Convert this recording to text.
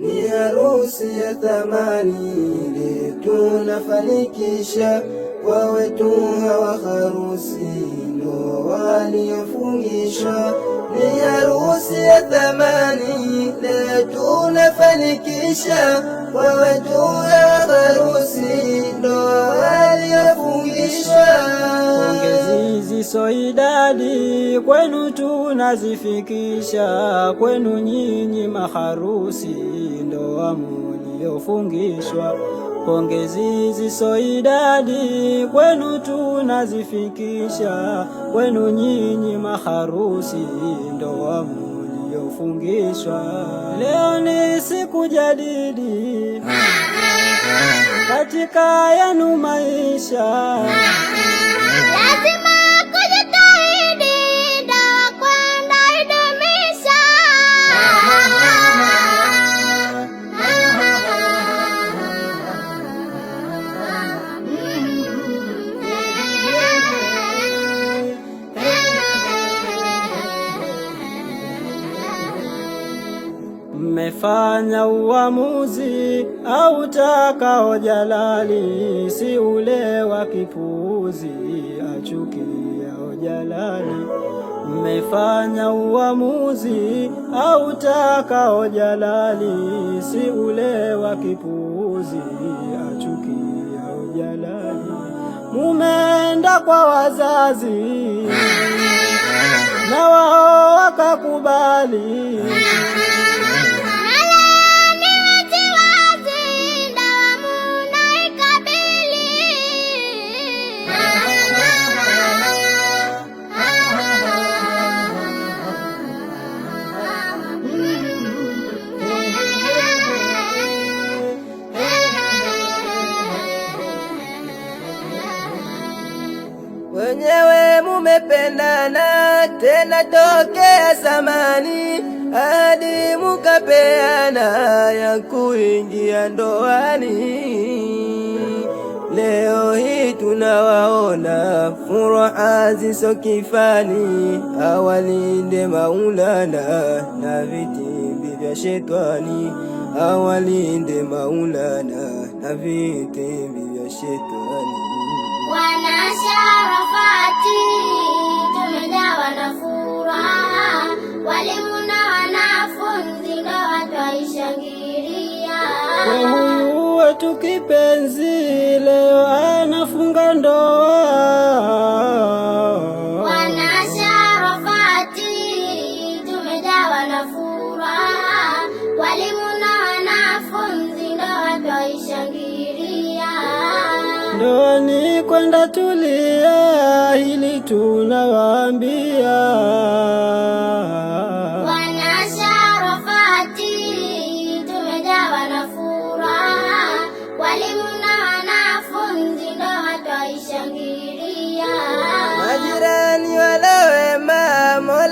ni harusi ya thamani ile tunafanikisha, kwa wetu hawa harusi ndo waliofungisha. Ni harusi ya thamani ile tunafanikisha, kwa wetu hawa harusi ndo waliofungisha. Pongezi idadi kwenu tunazifikisha, kwenu nyinyi maharusi ndoamu niliyofungishwa. Pongezi ziso idadi kwenu tunazifikisha, kwenu nyinyi maharusi, ndoamu niliyofungishwa. Leo ni siku jadidi katika yanu maisha mmefanya uamuzi au takao jalali, si ule wa kipuzi achukiao jalali. Mmefanya uamuzi au takao jalali, si ule wa kipuzi achukiao jalali. Mumeenda kwa wazazi na wao wakakubali wenyewe mumependana tena tokea zamani hadi mukapeana ya kuingia ndoani. Leo hii tunawaona furaha zisizo kifani, awalinde Maulana na vitimbi vya shetani, awalinde Maulana na vitimbi vya shetani. wetu kipenzi leo anafunga ndoa. Wana Sharafati tumejawa na furaha, walimu na wanafunzi ndoa twaishangilia. Ndoa ni kwenda tulia, hili tunawaambia